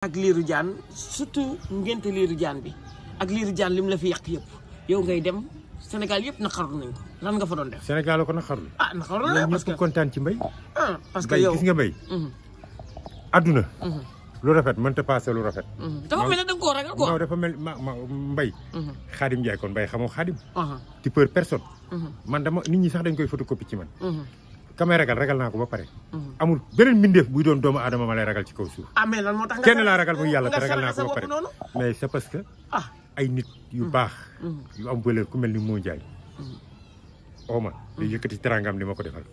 ak liru jaan surtout ngénte liru jaan bi ak liru jaan lim la fi yak yëpp yow ngay dem Sénégal yëpp naqarlu nañ ko lan nga fa doon def. Sénégal ko naqarlu. ah naqarlu la parce que contane kontaan ci mbay. Ah, parce que yow gis nga mbay. hmm lu rafet meunta passé lu rafet. Mhm. dafa mel dang ko ragal quoi. non dafa mel ma hmm khadim jaay kon mbay ah ah tu peur personne. Mhm. man dama nit ñi sax dañ koy photocopie ci man. kamay ragal ragal naa ko ba pare. Mhm. amul beneen mbindeef buy doon doomu adama ma lay ragal ci kaw suuf. ah lan moo tax kenn laa ragal muy yàlla te ragal naa ko ba pare mais c'est parce que. Ah. ay nit yu mhm. baax. Mhm. yu am valeur ku mel ni moo Ndiaye. Ouma day yëkkati teraangam di ma ko defal.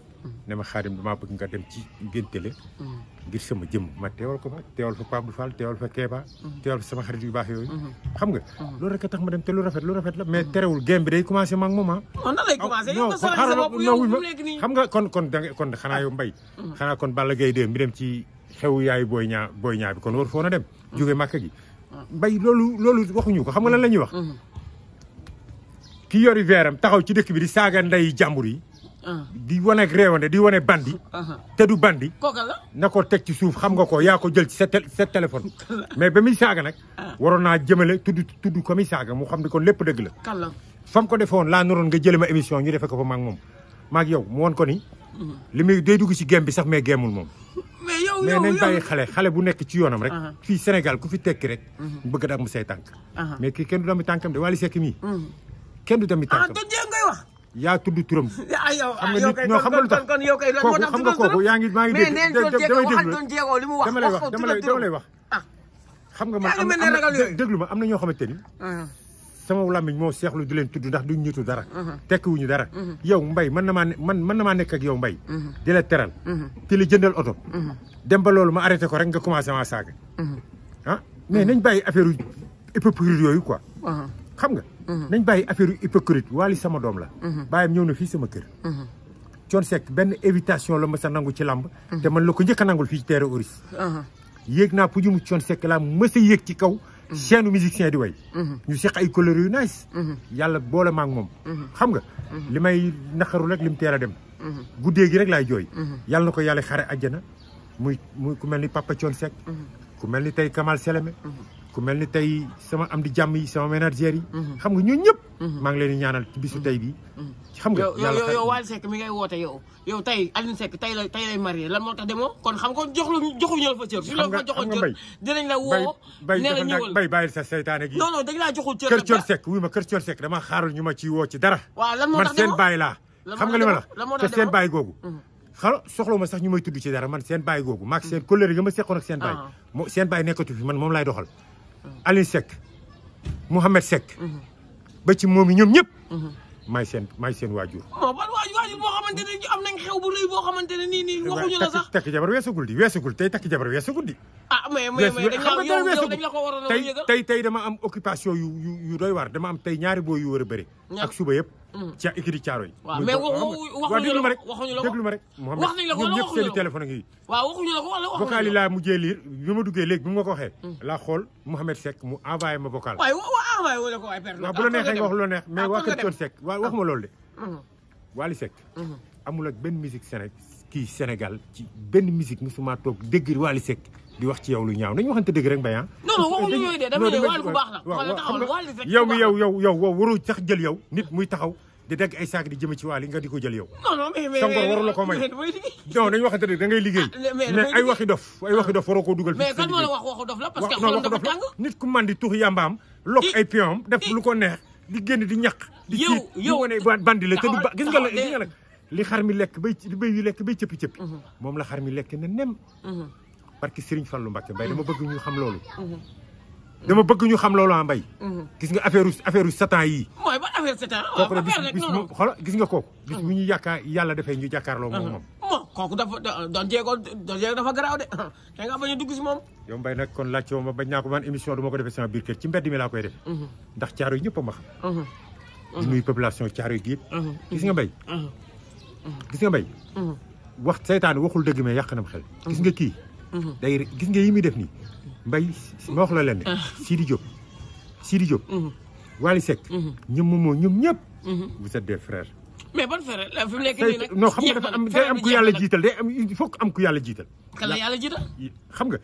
ne ma xaarim damaa bëgg nga dem ci ngéntele mm. ngir sama jëmm ma teewal ko fa teewal fa Pape Fall teewal fa Kéba mm. teewal fa sama xarit yu baax yooyu mm-hmm. xam nga mm-hmm. loolu rek tax ma dem te lu rafet lu rafet la mais mm-hmm. terewul game bi day commencé maag moom ah oh, nan lay commencé yow nga soxla xam nga kon kon danga kon xanaa yow ah. mbay xanaa kon Balla Gaye dée mi dem ci xew yaayu booy ñaa booy ñaa kon war foo na dem jóge màkk gi ah. mbay loolu loolu waxuñu ko xam nga lan la ñuy wax ki yori veeram taxaw ci dëkk bi di saaga nday jàmbur yi di wane réewande di wane bandi. te du bandi. na ko teg ci suuf xam nga ko yaa ko jël ci sa téléphone. mais ba muy saaga nag. Ah. waroon naa jëmale tudd tudd ko muy saaga mu xam ne kon lépp dëgg la. kàlla ko defee woon laa naroon nga jëlee ma émission ñu defee ko fa ma ak moom ma ak yow mu woon ko ni. Mhm. li muy day dugg ci gem sax mais gemul moom. mais yow yow mais nañ xale bu nekk ci yoonam rek. fii Sénégal ku fi tekki rek. Mhm. bëgg a dàmm say tànk. mais kii kenn du dami tànkam de Wally Seck mii. Mhm. kenn du dami ah, tànkam yaa tudd turam. Ah, yow ah, yow kay kon kon yow kay moo tax turam kooku xam kooku yaa ngi maa ngi dégg. mais li mu wax dama lay wax dama lay wax. Ah. xam nga man am na déglu ma am na ñoo xamante ni. Uh-huh. sama làmmiñ moo seexlu di leen tudd ndax du ñitu dara. Uh-huh. tekkiwuñu dara. Uh-huh. yow mbay mën na maa man mën na maa nekk ak yow mbay. di la teral. di la jëndal oto. dem loolu ma arrêté ko rek nga commencé maa saaga. ah mais nañ bàyyi affaire hypocrisie yooyu quoi. xam nga. Mhm. nañ bàyyi affaire hypocrite Wally sama doom la mhm. bàyyam ñëw na fii sama kër mhm. Thione Seck benn invitation la ma sa nangu ci làmb te man la ko njëkk a nangul fii ci terre Oris yéeg naa pour ñu mu Thione Seck laa mës a yéeg ci kaw chaîne musicien di way ñu seq ay couleur yu nice yàlla boole ma moom xam nga li may naqaru rek li mu teel a dem guddee gi rek laay jooy yàlla na ko yàlla xare àjjana muy muy ku mel ni Papa Thione Seck ku mel ni tey Kamal Seleme ku mel ni tey sama am di jàmm yi sama ménagère yi. Mhm. nga ñooñu ñëpp. Mhm. maa ngi leen di ñaanal ci bisu mhm. tey bi xam nga yàlla yow yow Wally Seck mi ngay woote yow yow tey Alioune Seck tey lay marié lan moo tax demoo kon xam nga joxlu joxuñu la fa cër. su la fa joxoon sa seytaane gi. non non dañ laa joxul cër. kër ma kër Thione Seck damaa xaarul ñu ma ci woo ci dara. waaw lan moo tax demoo man seen bàyyi nga li la te seen bàyyi googu xala soxla ma sax man seen bàyyi googu maag seen collègue ga ma seqoon ak seen bàyyi ah. seen bàyyi nekkatu fi man moom laay doxal Aliou Seck Mouhamed Seck. ba ci moom yi ñoom ñëpp. may seen maay seen waajur. non ban waajur boo boo xamante nii nii waxuñu la sax. takk jabar weesagul di weesagul tey takk jabar weesagul di. ah mais tey tey dama am occupation yu yu doy waar dama am tey ñaari boo yu war a bëri. ak suba yëpp. Mm. ci écrit caaro yi. waaw mais waxuñu la ko waxuñu la ko déglu ma rek wax nañu la ko ñoom ñëpp seen i téléphone ngi. waaw waxuñu la ko wala waxuñu la ko vocal yi laa mujjee liir bi ma duggee léegi bi ma ko waxee. laa xool Mouhamed Seck mu envoyé ma vocal. waay waaw envoyé wu la ko waay perte. waaw bu la neexee nga wax loo neex mais waa Kër Thione Seck waaw wax ma loolu de. Mm-hmm. Wally Seck. Mm-hmm. amul ak benn musique Sénégal kii Sénégal ci benn musique musuma toog dégg Wally Seck di wax ci yow lu ñaaw nañu waxante dëgg rek Mbaye ah. non non waxuñu yooyu de dama ne Wally ku baax la. waaw yow mi yow yow yow waroo sax jël yow nit muy taxaw di dégg ay sac di jëm ci waali nga diko jël yow non non mais mais mais non dañ waxante rek da ngay liggéey ah, mais ay waxi dof ay waxi dof waroo koo dugal mais kan mo la wax waxu dof la parce que xol dafa tang nit ku mandi di yambam lok ay pion def lu ko neex di genn di ñak di ci yow bandi la te du gis nga la gis nga la li xarmi lek lekk bay bay yu lek bay cëppi cëppi mom mhm. la xarmi lek na nem mhm. barki serigne fallu mbacke bay dama bëgg ñu xam lolu dama bëgg ñu xam lolu loolu ah, mbay mhm. gis nga affaire affaire satan yi affaire c'est affaire gis nga kooku. bis bu ñu yaakaar yàlla dafay ñu jàkkaarloo moom moom. bon kooku dafa doon jéego doon jéego dafa garaaw de da ngaa bañ a dugg si moom. yow Mbaye nag kon laajte ma bañ naa ko man émission du ma ko defee sama biir kër ci mbedd mi laa koy defee. ndax caaro yi ñëpp a ma xam. di nuyu population caaro yi yëpp. gis nga Mbaye. gis nga Mbaye. wax seytaane waxul dëgg mais yàq na ma xel. gis nga kii. day gis nga yi muy def nii Mbaye ma wax la leen ne. Ah. Sidi Diop Sidi Diop. Wali mhm. mhm. vous êtes des frères. mais bon frère la que non il faut am ku Yalla jital. Yalla jital? xam nga.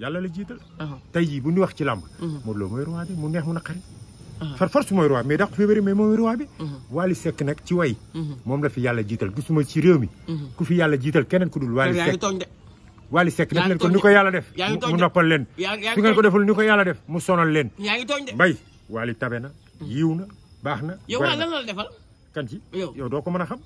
Yalla la jital. Tay bu ñu wax ci mhm. roi bi neex force roi mais mais roi bi. Wali Sek nak ci way. mom la fi gisuma ci rew mi. ku fi Yalla jital kenen ku dul Wali Sek Wali Sek nak ko def. mu noppal len. Fi ngeen ko deful Wally tabe na. yiiw na baax na. yow waaye lan la defal. kan ci yow doo ko mën a xam.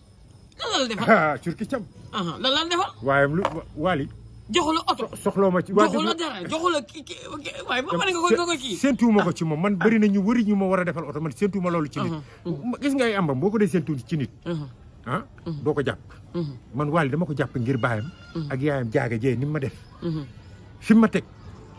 lan la defal ah waaye lu Wally. joxu la oto soxloo ma ci. waaye joxu la dara joxu ko ci ah. moom man bëri na ñu wëri ñu war a defal oto man séntuwuma loolu ci nit. gis nga ay ambam boo ko dee séntu ci nit. Ah, doo ko jàpp. man Wally dama ko jàpp ngir baayam. ak yaayam jaaga jee ni ma def. fi ma teg.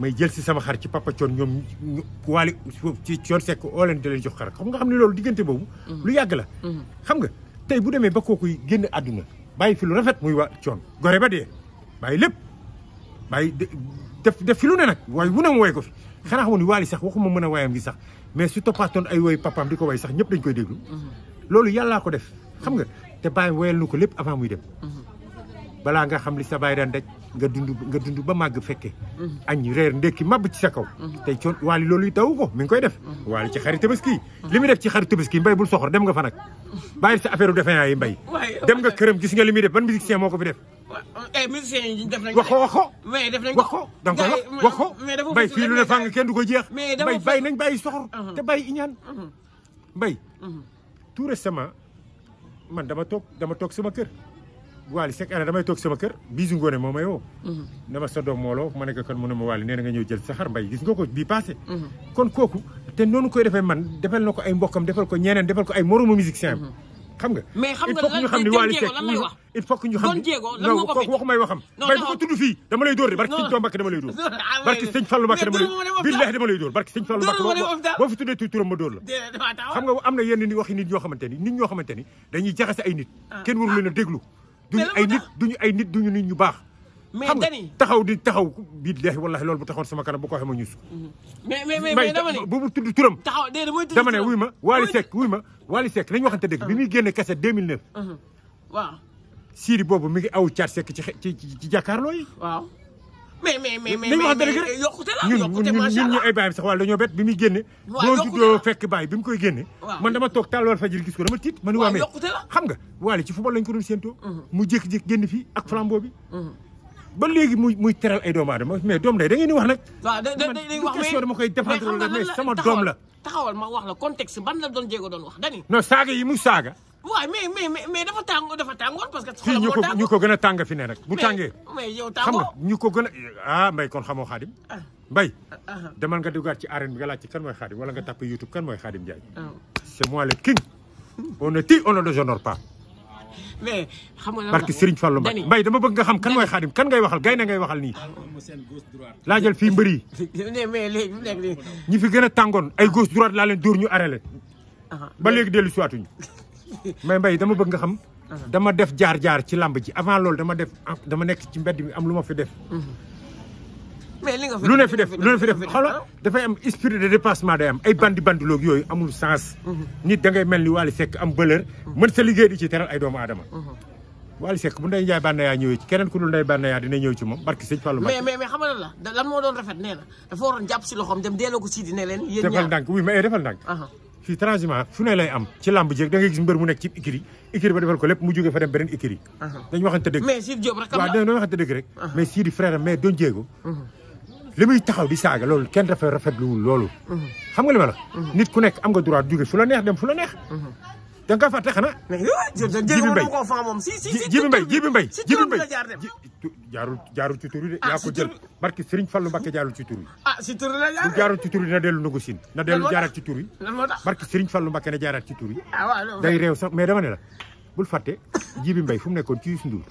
may jël si sama xar ci papa coon ñoom waali ci coon sekk oo leen di leen jox xar xam nga xam ne loolu diggante boobu mhm. lu yàgg la mhm. xam nga tey bu demee ba kooku génn àdduna bàyyi fi lu rafet muy waa coon gore ba dee bàyyi lépp bàyyi def def fi lu ne nag waaye wu ne mu woy ko fi xanaa xamoon ni waali sax waxuma mën a waayam gi sax mais su toppaatoon ay woy papaam di ko way sax ñëpp dañ koy déglu mhm. loolu yàllaa ko def xam nga te bàyyi woyal nu ko lépp avant muy dem balaa nga xam li sa bàyyi daan daj nga dund nga dund ba màgg fekke mm-hmm. añ reer ndekki màbb ci sa kaw mm-hmm. tey coon waali looluy taw ko mi ngi koy def mm-hmm. waali ci xari tabaski li muy def ci xari tabaski bay bul soxor dem nga fa nag bàyyi sa affaire u yi mbay dem nga këram gis nga li muy def ban moo ko fi def ay eh, musiciens yi def nañ waxo waxo mais def nañ waxo da nga koy wax waxo mbay fii lu ne fàng kenn du ko jeex mbay bay nañ bàyyi soxor te bàyyi iñaan mbay tout récemment man dama toog dama toog sama kër Waly sek année damay toog sama kër bisu ngoone moo may woo dama mhm. sa doom ne ko kon nee na nga ñëw jël sa mbay gis bii passé mhm. kon kooku te noonu koy defee man defal na ko ay mbokkam defal ko ñeneen defal ko ay moromu musicien xam mhm. xam nga lan xam ñu xam non kooku waxam bay bu tudd fii dama lay dóor de barki sëñ Tuubaa Mbàkke dama lay dóor ah, barki sëñ Fallu Mbàkke dama lay billahi dama lay dóor barki sëñ Fallu Mbàkke boo fi tuddee am na yenn ni waxi nit ñoo ni nit ñoo xamante ni dañuy jaxase duñu ay nit duñu ay nit duñu nit ñu baax. mais dani taxaw di taxaw billahi wallahi loolu bu taxoon sama kanam bu ko waxee ma ñuus. Mm-hmm. mais mais mais dama ne bu tudd turam. taxaw déedéet mooy tudd turam dama ne wuy ma Wally Seck wuy ma Wally Seck nañu waxante dëgg. bi muy uh-huh. génne kese 2009. Uh-huh. waaw. Siri boobu mi ngi aw caat sekk ci ci ci jàkkaarloo yi. waaw. mais mais mais mais mais yokkute la yokkute macha allah ñun ñun ñu Ibrahima sax wala dañoo bett bi muy génne. waaw yokkute la boo juddoo bi mu koy génne. man dama toog tàllool fajir gis ko dama tiit. man waa mais xam nga. waale ci football lañ ko doon séentoo. Mhm. mu jékki-jékki génn fii ak flambeau bi. Mhm. ba léegi muy muy teral sama doom la. taxawal ma wax la contexte ban la doon jéego doon wax dani. non saaga yi muy saaga waaw mais mais mais dafa tàng dafa tàngoon parce que. xoolal moo tàngoon ñu ko gën a tàng fi ne rek. bu tàngee mais yow tàngoo xam nga ñu ko gën a ah mbay kon xamoo xaadim. Ah. mbay ah, ah. demal nga duggaat ci arène bi nga laaj ci kan mooy xaadim wala nga tapp YouTube kan mooy xaadim Ndiaye. c'est moi le king. on est qui on ne déshonore pas. mais xam nga barke Serigne Fallou Mbaye Mbaye dama bëgg nga xam kan mooy xaadim kan ngay waxal gaynde ngay waxal nii. laajal fii mbër yi. mais léegi léegi. ñi fi gën a tàngoon ay gauche droite laa leen dóor ñu arrêté. ba léegi dellu si waatuñu mais may dama bëgg nga xam. Uh-huh. dama def jaar-jaar ci làmb ji avant loolu dama def ah, dama nekk ci mbedd mi am lu ma fi def. Uh-huh. mais li nga fi def lu ne fi def lu dafay am esprit de dépassement day am ay bandi bandi yooyu amul sens. Uh-huh. nit da ngay mel ni Wally Seck am bëlër. mën sa liggéey di ci teral ay doomu aadama. Wally Seck bu Ndeye Ndiaye Banaya ñëwee ci keneen ku dul Ndeye Banaya dina ñëw ci moom barki sëñ Fallou. mais mais mais xam la moo doon rafet nee na dafa waroon jàpp si loxoom leen. yéen ñaar eh, fii transiment fu ne lay am ci làmb jeeg da ngay gis mbër mu nekk ci écurie écurie ba defal ko lépp mu jógee fa dem beneen écurie uh-huh. dañu waxante dëgg mais Sidi Diop rek waaw dañu waxante dëgg rek uh-huh. uh-huh. taxaw di saaga loolu kenn dafa rafetluwul loolu xam nga li la nit ku nekk am nga droit jóge fu la neex dem fu la neex da nga fàtte xanaa. jibi mbay jibi mbay jibi mbay jibi mbay jaarul ci tur yi de. Ah, yaa ko jël barki Serigne Fallou Mbacke jaarul ci tur yi. ah si tur la jaaree bu jaarul ci tur yi na dellu nugu na dellu jaaraat ci tur yi. lan moo tax barki Serigne Fallou Mbacke na jaaraat ci tur yi. Ah, day réew sax mais dama ne la bul fàtte jibi mbay fu mu nekkoon ci Youssou Ndour.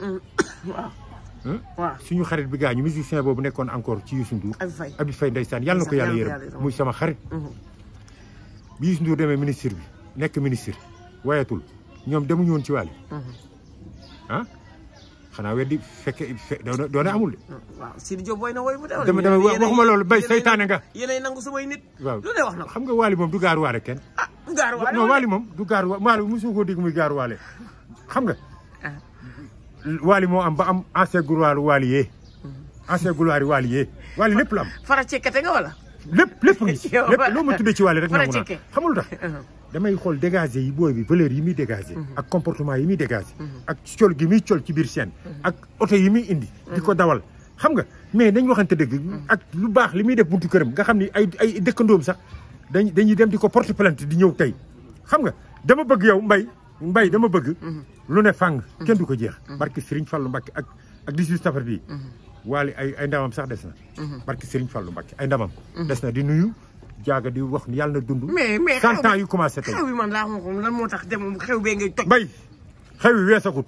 Mm. waaw suñu xarit bi gaañu musicien boobu nekkoon encore ci Youssou Ndour. Abi Faye Abi Faye ndeysaan yàlla na ko yàlla yërëm muy sama xarit. Mm-hmm. bi Youssou Ndour demee ministre bi nekk ministre wayatul ñoom demuñu woon ci waale. Mhm. ah xanaa weddi fekke doona doona amul de. Mm, waaw Sidi Diop woy na woy bu dee. dama waxuma loolu bay saytaane nga. yéenay nangu samay nit. waaw lu ne wax na xam nga waali moom du gaaru waale kenn. ah gaaru waale moom du gaaru waale waali mosu ko dégg muy gaaru waale xam nga. Ah. waali moo am ba am ancien gloire waali yee. Mhm. ancien gloire waali yee waali lépp la am. fara lépp lépp ngi ci loo ma tuddee ci waale rek nangu naa xamul tax uh-huh. damay xool dégagé yi booy bi valeur yi muy dégagé uh-huh. ak comportement yi muy dégagé uh-huh. ak col gi muy col ci biir seen ak oto yi muy indi di ko dawal xam nga mais nañ waxante dëgg ak lu baax li muy def buntu këram nga xam ni ay ay dëkkandoom sax dañ dañuy dem di ko porte plainte di ñëw tey xam nga dama bëgg yow mbay mbay dama bëgg lu ne fàng kenn du ko jeex barke Serigne Fallou Mbacké ak ak 18 safar bii wali ay ay ndamam sax dess na mhm. barki Serigne Fallou mbacke ay ndamam mhm. dess na di nuyu jaga di wax ni yàlla na dundou mais mais cent ans yu commencé tay xewi bi man laa xom lan motax dem xew be ngay toj bay xewi wessakut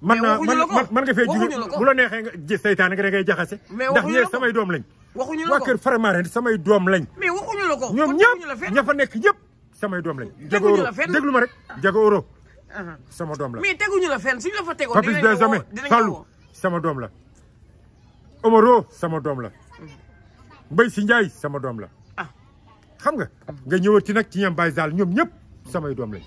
man na man nga fee djigu bu la nexe nga djé setan nga ngay jaxase ndax ñe samay dom lañ waxuñu la ko waa kër Faramare samay dom lañ mais waxuñu la ko ñom ñëpp ña fa nekk samay dom lañ jaga oro ma rek jaga oro ah. sama dom la mais teguñu la fenn suñu la fa tegoo papis sama dom la Omaro sama doom la Mbaye si Ndiaye sama doom la ah xam nga nga ñëwati nag ci ñam Baye Sall ñëpp samay doom lañ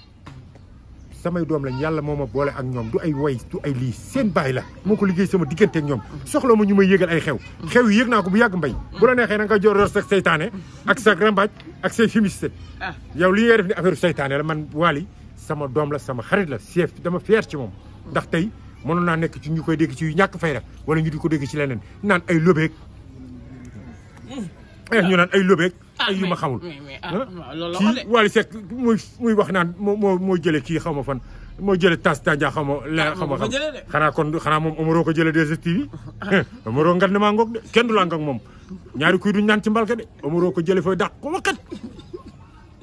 samay doom lañ yàlla moo ma boole ak ñoom du ay way du ay lii seen baay la moo ko liggéey sama digganteek ñoom soxla ma ñu may yëgal ay xew xew yi yëg naa ko bu yàgg mbay bu la neexee na a jor ros ak seytaane ak sa rambaaj ak say fumiste ah. yow li ngay def ni affaire seytaane la man Wally sama doom la sama xarit la chef dama fier ci moom ndax tey mënoon naa nekk ci ñu koy dégg ci yu ñàkk fayda wala ñu di ko dégg ci leneen naan ay lóbeeg hmm. eh, ñu ay lóbeeg ah, ay yu ma xamul ah, kii sekk muy wax naan moo moo moo jële kii xaw ma fan moo jële tas tànja xaw ma leer ah, ma xam xanaa kon xanaa moom amaroo ko jële des TV amaroo eh, ngan ne maa ngoog de kenn du laa moom ñaari kuy duñ naan ci mbalka de amaroo ko jële fooy dàq ko waxat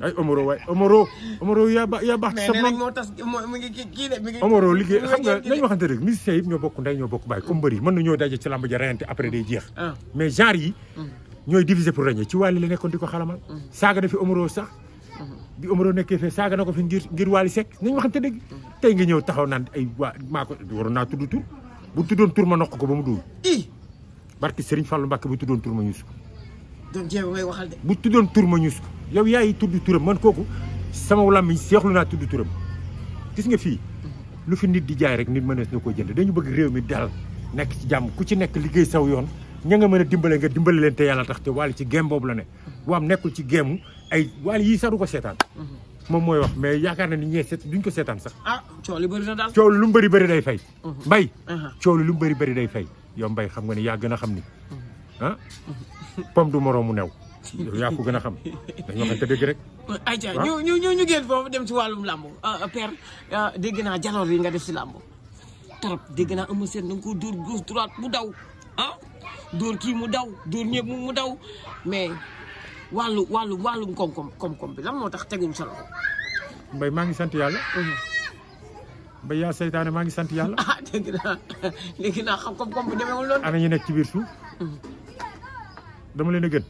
ay omoro waay omoro Omaro yaa ba yaa baax. mais nee nañ kii de mi ngi. liggéey xam nga nañu waxante rek musiciens yëpp ñoo bokk ndey ñoo bokk baay comme bëri mën na ñoo daje ci làmb ja reyante après day jeex. Ah. mais genre yi. Mm. ñooy diviser pour régner ci wàllu la nekkoon di ko xalamal. Mm. saaga fi Omaro sax. Mm-hmm. bi Omaro nekkee fee na ko fi ngir ngir Wally Seck nañu waxante dëgg. Mm-hmm. tey nga ñëw taxaw naan ay waa maa ko waroon naa tudd tur bu tuddoon tur ma noq ko ba mu dóor. i barki Serigne Fallou Mbacke bu tuddoon tur ma ñuus ko. doon jéem a may waxal de. bu tuddoon tur ma ñuus yow yaay tudd turam man kooku sama wàllam yi seexlu naa tudd turam gis nga fii lu fi nit di jaay rek nit mënees na koo jënd dañu bëgg réew mi dal nekk ci jàmm ku ci nekk liggéey saw yoon ña nga mën a dimbale nga dimbale leen te yàlla tax te waali ci gem boobu la ne waam nekkul ci gemu ay waali yii sax du ko seetaan moom mooy wax mais yaakaar na ni ñee duñ ko seetaan sax ah coow li bëri lu mu bëri bëri day fay uh-huh. mbay uh-huh. coow lu mu bëri bëri day fay yow mbay xam nga ne yaa gën xam ni uh-huh. ah pom du new yow yaa ko gën a xam dañu waxante dëgg rek. ayca ah. ñu ñu ñu foofu dem ci wàllum làmb ah, ah, père dégg naa jaloor yi nga def si làmb trop dégg naa Eumeu Sène da nga ko dóor gauche droite mu daw ah dóor kii mu daw dóor ñëpp mu daw mais wàllu wàllu wàllum koom-koom koom-koom bi lan moo tax teguñ solo loxo. Mbaye maa ngi sant yàlla. Mbaye yaa seytaane maa ngi sant yàlla. ah dégg naa xam koom-koom bi demeewul noonu. ana ñu ci biir suuf. dama leen a gën.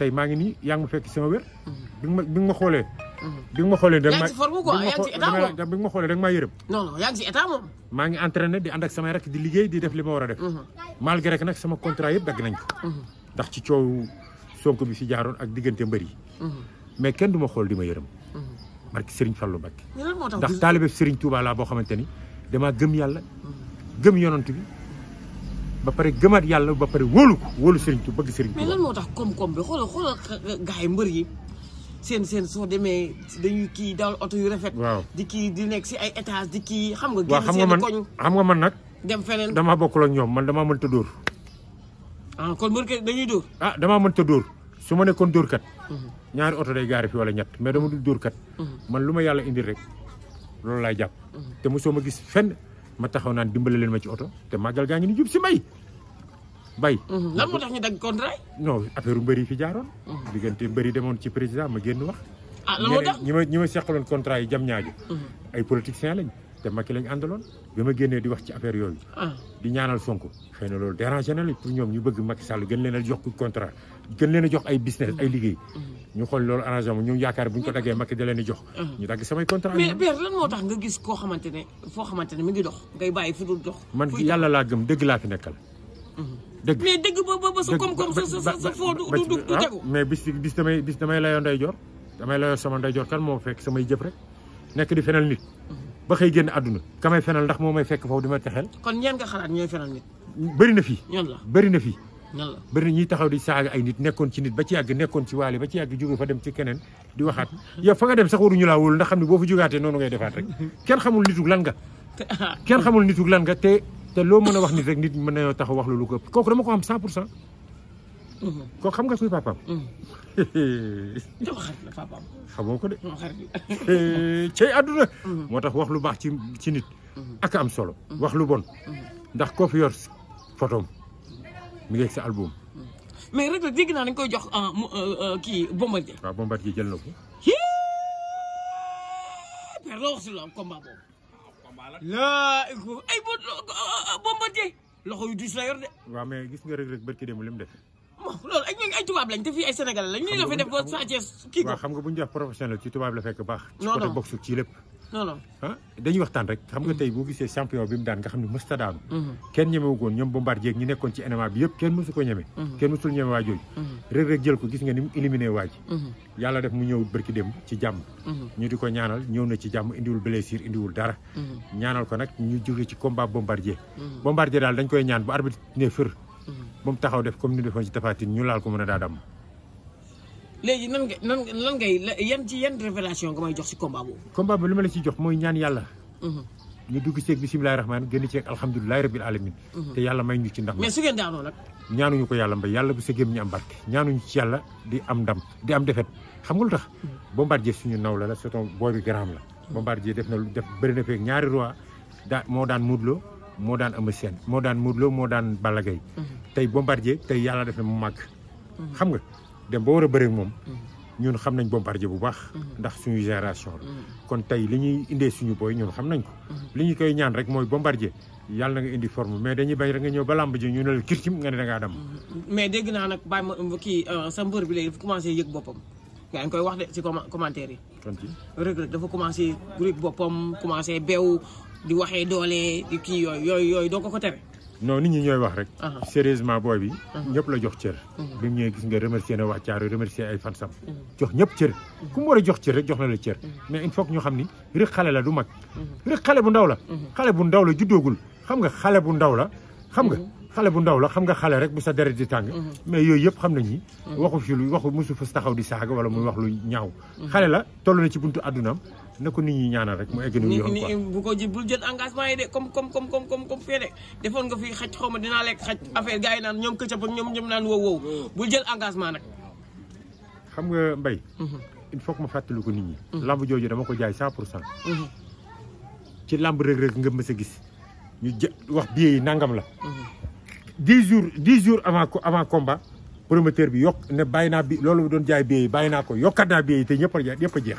tey maa ngi nii yaa ngi ma fekk sama wér. Mm-hmm. bi nga ma bi nga ma xoolee. Mm-hmm. bi ma xoolee da ma yaa ngi bi ma xoolee da maa yërëm. non non yaa maa ngi entraîné di ànd ak samay rek di liggéey di def li ma war a def. Mm-hmm. malgré que nag sama contrat yëpp dagg nañ ko. ndax ci coow Sonko bi si jaaroon ak diggante mbër yi. mais kenn du ma xool di ma yërëm. barki Serigne Fallou Mbacké. ndax taalibe Serigne Touba laa boo xamante ni damaa gëm yàlla gëm yonant bi ba paré gëmat yalla ba paré wolu ko wóolu Serigne tu. bëgg Serigne mais lan motax kom kom bi xoolal xoolal gaay mbeur yi sen sen so démé dañuy ki dal auto yu rafet. di ki di nek ci ay étage di ki xam nga. gën ci koñ xam nga man nak dem fenen, dama bokkul ak ñom man mën ta dor ah kon mbeur ke dañuy dor ah ta dor suma ne kon dor kat mhm. ñaari auto day gaari fi wala ñatt mais dama dul kat mhm. man luma yalla indi rek loolu laay jàpp. Mhm. te mosoo ma gis fenn ma taxaw naan dimbalé len ma ci auto te magal gaa ni jup ci may bay mhm. lan motax ñu dag contrat non affaire mbeuri fi jaaroon digënté mbeuri demoon ci président ma génn wax ah lan motax ñima ñima sékkaloon contrat yi jam ñaaju mhm. ay politiciens lañ té Macky lañ àndaloon bima ma di wax ci affaire yoy ah. di ñaanal Sonko xëy lool loolu dérangé na li pour ñom ñu bëgg Macky Sall gën leena jox contrat gën leena jox ay business ay liggéey mhm. ñu xol lool arrangé ma ñoom yaakaar buñ ko daggé Macky da leena jox ah. ñu dagg samay contrat mais Père lan motax nga gis ko xamante fo foo mi ngi dox ngay bayyi fu dul dox man yalla la gëm dëgg la fi nekkal dëgg mais dëgg ba ba sa koom-koom sa sa sa foo du du ah, tegu mais bis bis damay bis damay layoo nday jor damay layoo sama nday jor kan moo fekk samay jëf rek nekk di fenal nit ba xëy génn àdduna ka may fenal ndax moom may fekk foofu di ma texeel kon ñeen nga xalaat ñooy fenal nit bëri na fii ñan la bëri na fii ñan la bëri na ñuy taxaw di saaga ay nit nekkoon ci nit ba ci yàgg nekkoon ci waale ba ci yàgg jóge fa dem ci keneen di waxaat mm-hmm. yow fa nga dem sax waruñu laa wóolu ndax xam ne boo fa jógaatee noonu ngay defaat rek mm-hmm. kenn xamul nitug lan nga kenn xamul nitug lan nga te te loo mën a wax nit rek nit mën nañoo taxaw wax lu lu ko ëpp kooku dama ko xam 100 pour cent. Mhm. kooku xam nga kuy papaam. dafa mhm. xarit la papaam. xamoo ko mhm. moo tax wax lu baax ci ci nit. ak am solo. wax lu bon. ndax koo fi yor fotoom mi ngi sa album. mais rek la dégg naa dañ koy jox euh, euh, euh, ki Bombardier. waaw Bombardier jël na ko. père loo laa ay bo Bombardier loxo yu diis la de. waaw mais gis nga Reug Reug barki dem li mu def. bon loolu ay ñooñu ay tubaab lañ te fii ay sénégalais lañ. ñu ngi la fi def ba Sa Thiès kii ko. waaw xam nga bu ñu def professionnel ci tubaab la fekk baax. non non ci côté boxe ci lépp. non non ah dañuy waxtaan rek xam nga tey boo gisee champion bi mu daan nga xam ne mësta daanu mhm. kenn ñemewu ko woon ñoom bombardier ñi nekkoon ci MMA bi yëpp kenn mësu ko ñeme mhm. kenn mësul ñeme waa jooju mhm. Reug Reug jël ko gis nga ni mu éliminé waa ji yàlla def mu ñëw bërki dem ci jàmm ñu di ko ñaanal ñëw na ci jàmm indiwul blessure indiwul dara ñaanal ko nag ñu jóge ci combat bombardier bombardier daal dañ koy ñaan bu arbitre ne fër moom taxaw def comme ni defoon ci tafatin ñu laal ko mën a daa damm léegi nan nga nan lan ngay yan ci yan révélation nga may jox si combat boobu. combat bi li ma la ciy jox mooy ñaan yàlla. ñu mhm. dugg ceeg bisimilah rahmaani génn ceeg alhamdulilah rabil alamin mhm. te yàlla may ñu ci ndax mais su ngeen daanoo ñaanuñu ko yàlla mbay yàlla bu sëggeem ñu am barke ñaanuñu ci yàlla di am ndam di am defet xam nga lu tax. Mhm. suñu naw la la c'est un boy bi garaam la. Bombardier def na lu def bëri na feeg ñaari daa moo daan muutloo moo daan Eumeu seen moo daan Modou moo daan Balla Gaye. tey Bombardier tey yàlla def na mu màgg. xam nga dem ba war a bëreeg moom. Mm-hmm. ñun xam nañ Bombardier bu baax. Mm-hmm. ndax suñu génération mm-hmm. kon tey li ñuy indee suñu booy ñun xam nañ ko. li ñu koy ñaan rek mooy Bombardier yàlla na nga indi forme mais dañu bañ rek nga ñëw ba làmb ji ñu ne nga ne da ngaa dem. mais dégg naa nag bàyyi ma euh, kii euh, sa mbër bi léegi dafa commencé yëg boppam. yaa ngi koy wax de ci commentaire yi. kon ci Reug Reug dafa commencé yëg boppam commencé beew di waxee doole di kii yooyu yooyu yooyu doo ko ko tere. no nit ñi ñooy wax rek. sérieusement booy bi. ñëpp la jox cër. bi mu gis nga remercier na waa Thiaroye remercier ay fansam. jox ñëpp cër. ku war a jox cër rek jox na la cër. mais il faut que ñu xam ni rek xale la du mag. rek xale bu ndaw la. xale bu ndaw la juddoogul xam nga xale bu ndaw la xam nga. xale bu ndaw la xam nga xale rek bu sa deret di tàng mais yooyu yëpp xam na nañu waxu fi lu waxu mosu fas taxaw di saaga wala muy wax lu ñaaw xale la toll na ci buntu addunaam na ko nit ñi ñaanal rek mu egg ni yoon quoi bu ko ji bul jël engagement yi de comme comme comme comme fee de defoon nga fi xaj xaw ma dinaa lekk xaj affaire gars yi naan ñoom këcëb ak ñoom ñoom naan wow wow mm. bul jël engagement nag xam nga mbay mm-hmm. il faut que ma fàttali ko nit ñi mm-hmm. lamb jooju dama ko jaay cent pour cent mm-hmm. ci lamb Reug Reug nga mës gis ñu jë wax billet yi nangam la dix jours dix jours avant avant combat promoteur bi yokk ne bàyyi naa bi loolu doon jaay billet naa ko yokkaat naa billet yi te ñëpp a jeex jeex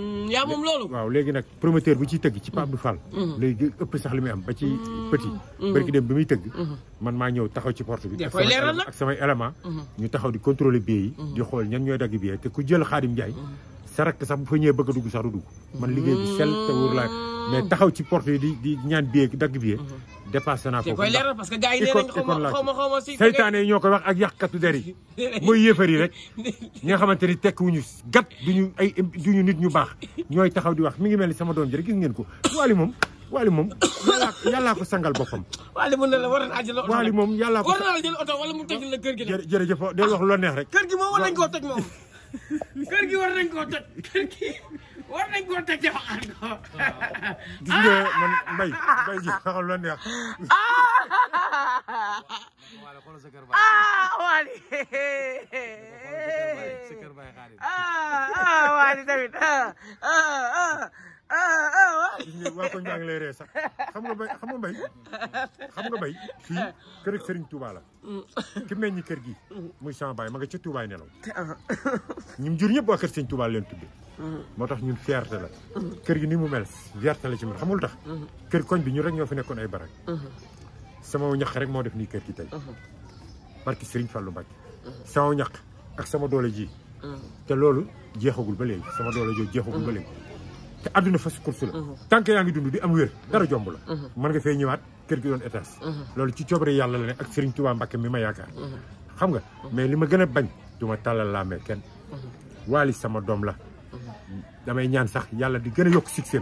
yaa moom waaw léegi nag promoteur bu ci tëgg ci Pape Abdou Fall. Mm-hmm. léegi ëpp sax li muy am ba ci mm-hmm. petit. Mm-hmm. barki bi muy tëgg. man maa ñëw taxaw ci porte bi. ak samay élément ñu taxaw di contrôler billet yi. di xool ñan ñooy dagg billet te ku jël Xaadim Njaay sarak rek sax bu bëgg duggu sa rudu man liggéey bi sel te wuur la mais taxaw ci porte yi di di ñaan ak dag bi dépassé naa foofu seytaane yi seytane koy wax ak yàqkatu der yi moy yéefar yi rek ñi xamanteni tek wuñu gat duñu ay duñu nit ñu bax ñoy taxaw di wax mi ngi melni sama doom ji gis ngeen ko wali mom wali mom yalla ko sangal bopam wali mom la waral aji la wali mom yalla ko waral jël auto wala mu la kër gi jërëjëf del wax lo neex rek kër gi mo wala ñu ko mom kër gi war nañ koo toj kër gi war nañ koo toj dafa ànd ko. gis nga man Mbaye Mbaye ji xamal la neex. ah Waly. ah, ah Waly tamit ah ah ah. Ah, ah, ah. waa koñ baa sax xam nga bay xam nga bay nga bay fii kër ak Serigne Touba la ki meññi kër gi muy sama baay ma nga ca Touba nelaw ñum jur ñëpp waa kër Serigne Touba leen tudde moo tax ñun fierté la kër gi nii mu mel fierté la ci man xamul tax kër koñ bi ñu rek ñoo fi nekkoon ay barak sama ñax rek moo def nii kër gi tey barki Serigne Fallou Mbacke sama ñaq ak sama doole ji te loolu jeexagul ba léegi sama doole joo jeexagul ba léegi te àdduna fas course la mhm. tant que yaa ngi dund di am wér dara jomb la mhm. mën nga fee ñëwaat kër gi doon étage mhm. loolu ci coobare yàlla la ne ak Serigne Touba Mbacke mi ma yaakaar xam nga mais li ma gën a bañ du ma tàllal laamee kenn waali sama doom la damay ñaan sax yàlla di gën a yokk succès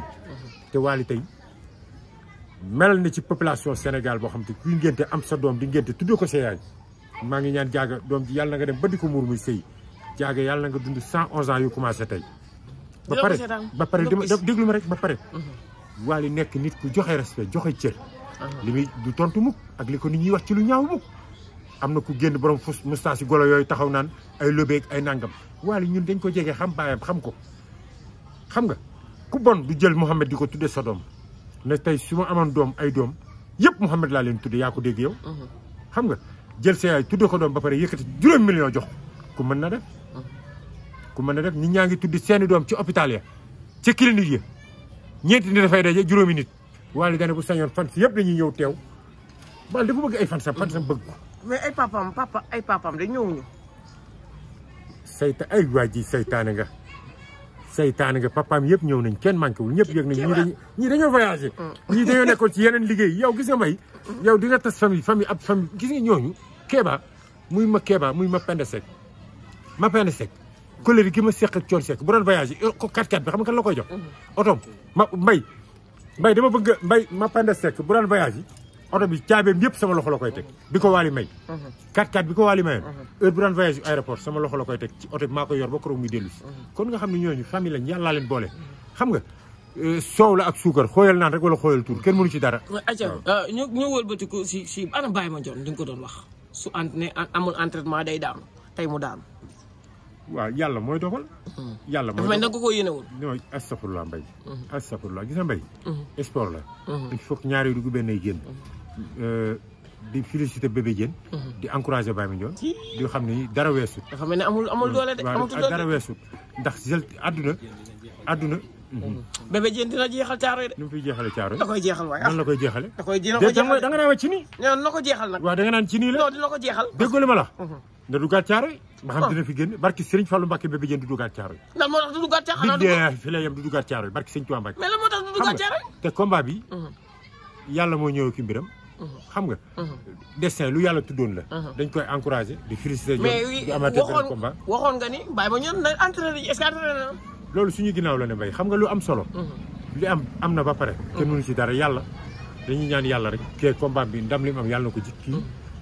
te waali tey melal na ci population Sénégal boo xam te kuy ngénte am sa doom di ngénte tuddee ko sa yaay maa ngi ñaan jaaga doom ji yàlla nga dem ba di ko muur muy sëy yàlla nga dund cent onze ans commencé tey ba pare ba pare déglu ma rek ba pare. Mhm. Wally nekk nit ku joxe respect joxe cër. Ah. li muy du tontu mukk ak li ko nit ñuy wax ci lu ñaaw mukk. am na ku génn borom fus moustache golo yooyu taxaw naan ay lóbeeg ay nangam Wally ñun dañ ko jege xam baayam xam ko. xam nga ku bon du jël Mouhamed di ko tuddee sa doom ne tey su ma amoon doom ay doom yëpp Mouhamed laa leen tudde yaa ko dégg yow. Mhm. xam nga jël sa yaay tudde ko doom ba pare yëkkati juróom million jox mën na ku mën a def nit ñaa ngi tudd seeni doom ci hôpital ya ci clinique ya ñeenti nit dafay daje juróomi nit Waly Dane bu sañoon fans yëpp dañuy ñëw teew Waly dafa bëgg ay fansam fansam bëgg ko mais ay papam papa ay papam da ñëwuñu sayta ay waa ji saytaane nga saytaane nga papaam yëpp ñëw nañ kenn manqué wul ñëpp yëg nañ ñii dañ ñii dañoo voyagé mm. ñii dañoo nekkoon ci yeneen liggéey yow gis nga may mm. yow dina nga tas famille famille ab famille gis nga ñooñu Kéba muy ma Kéba muy ma Penda Seck ma Penda Seck colère gi ma seq ak coon bu doon voyagé ko 4-4 bi xam nga kan la koy jox. auto ma mbay mbay dama bëgg mbay ma pande seq bu doon voyagé auto bi caabeem yëpp sama loxo la koy tek biko wali may. 4-4 biko wali may heure bu doon voyagé aéroport sama loxo la koy tek ci auto bi mako yor ba keroog muy dellu kon nga xam ne ñooñu famille lañu yalla leen bolé xam nga. Euh, soow la ak sugar xoyal naan rek wala xoyal tuur ken mënu ci dara. waaw euh, ñu ñu ko ci ci ana Baye Mandione di nga ko doon wax su ant né amul entraînement day daanu tay mu daanu. waaw yàlla mooy dogal. Hmm. yàlla mooy dogal dafa mel ne ko yéenewul. non astafurlah mbay. Hmm. astafurlah gis nga mbay. Hmm. sport la. il faut que ñaari dugub benn ay génn. Euh, di féliciter bébé Diène. di encourager Baye Mandione. di xam ni dara weesut. dafa mel ne amul amul doole de amul doole dara weesut ndax jël àdduna àdduna. bébé Diène dina jeexal caaro yi de. nu mu fiy jeexalee caaro yi da koy waaye. nan la koy jeexalee. da koy dina ko jeexal naan ci nii. non dina naan ci nii la. non ma la. nga duggaat caaro yi. ma dina fi génn barki Serigne Fallou Mbacke bébé jeen du dugaat du dugaat caaro bi fi la yem du dugaat caaro yi barki te combat bi mhm. yàlla moo ñëw ki mbiram mhm. xam nga mhm. destin lu yàlla tuddoon la dañ koy encouragé di félicité mais amateur combat waxoon ba ñoom loolu suñu ginnaaw la ne mbay xam nga lu am solo li am am na ba pare kenn mënu si dara yàlla dañuy ñaan yàlla rek kee combat bi ndam li mu am yàlla na ko jik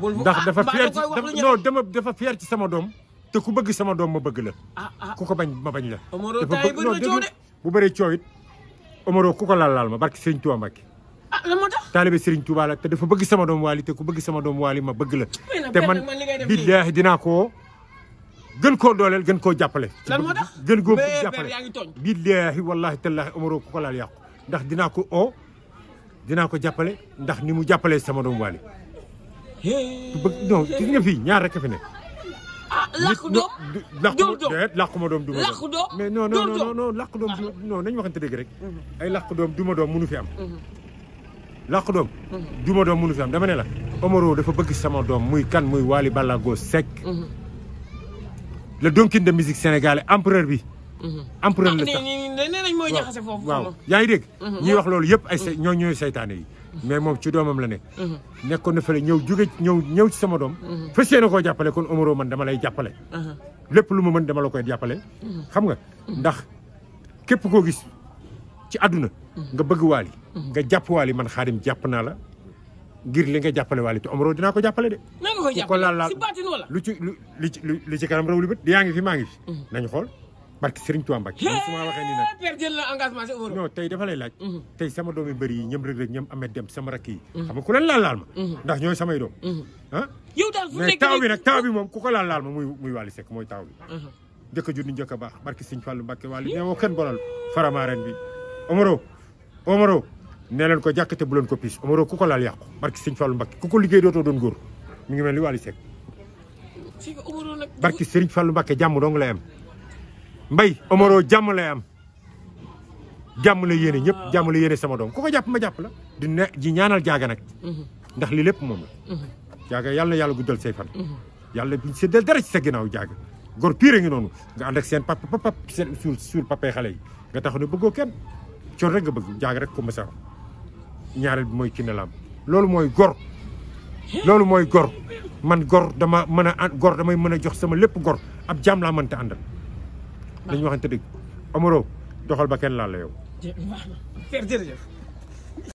ndax dafa ah, fier ci non dama ci sama doom te ku bëgg sama doom ma bëgg la ah, ah. ku ko bañ ma bañ la bu bëree coow it Omaro ku ko laal laal ma barki Serigne Touba Mbacké ah lan moo tax taalibe la te dafa bëgg sama doom waali te ku bëgg sama doom waali ma bëgg la te man billaahi dinaa koo gën koo dooleel gën koo jàppale lan moo tax gën koo jàppale billaahi wallaahi tallaahi ku ko laal yàqu ndax dinaa ko oo dinaa ko jàppale ndax ni mu jàppalee sama doom waali bëgg non gis ñaar rek ne. ah làkk doom doom doom ma doom duma doom mais non non non non làkk doom non nañu rek. ay làkk doom duma fi am. làkk doom. duma am dama ne la. Omaro dafa bëgg sama doom muy kan muy Wally Ballago Seck. le donkin de musique sénégalais empereur bi. empereur la sax waaw yaa ngi dégg. ñuy wax loolu yëpp ay say ñoo ñooy saytaane yi. mais mom ci domam la nek mhm. nekkoon na fële ñëw jóge ñew ci sama dom mhm. fas yéene koo jàppale kon omoro man dama lay jappale mhm. lepp lu ma mën dama la koy jappale xam nga ndax kep ko gis ci aduna nga bëgg wali nga japp wali man xaadim japp na la ngir li nga jappale wali te omoro dina ko jappale de nan nga koy jàppale si baatin wala lu ci lu ci lu kanam rawli bet yaa fi maangi fi barke Serigne Touba Mbacke. su ma waxee nii nag père jël na engagement si euro. non tey dafa lay laaj. Mhm. tey sama doom bëri yi ñoom rek rek sama rakk yi. Mhm. ku leen laal ma. Mhm. ndax ñooy samay doom. ah taaw bi nag taaw bi moom ku ko laal laal ma muy muy Wally Seck mooy taaw bi. njëkk uh-huh. a jur ni njëkk a baax barke Serigne Fallou Mbacke Wally nee woo kenn bolal faramaaren ko jàkkate bu ko piis Omaro ku ko laal yàqu barke Serigne Fallou Mbacke doon mi ngi mel ni Wally Seck barke Serigne Fallou Mbacke jàmm dong la am mbay omoro jamale am jamale yene ñep ah. jamale yene sama dom ku ko ma japp la di ne ji ñaanal jaaga nak mhm. ndax li lepp mom la mhm. jaaga yalla na yàlla guddal sey fan mhm. yàlla biñ séddal dara ci sa ginaaw jaaga gor pire ngi nonu nga and ak sen pap pap sen sur sur papay xalé yi nga tax ne bëggo kenn coon rek nga bëgg jaaga rek ko sax ñaaral bi moy kinne laam lolu moy gor lolu moy gor man gor dama meuna gor damay meuna jox sama lepp gor ab jam la meunta andal dañu waxante dëgg Omaro doxal ba kenn laal la yow. jërëjëf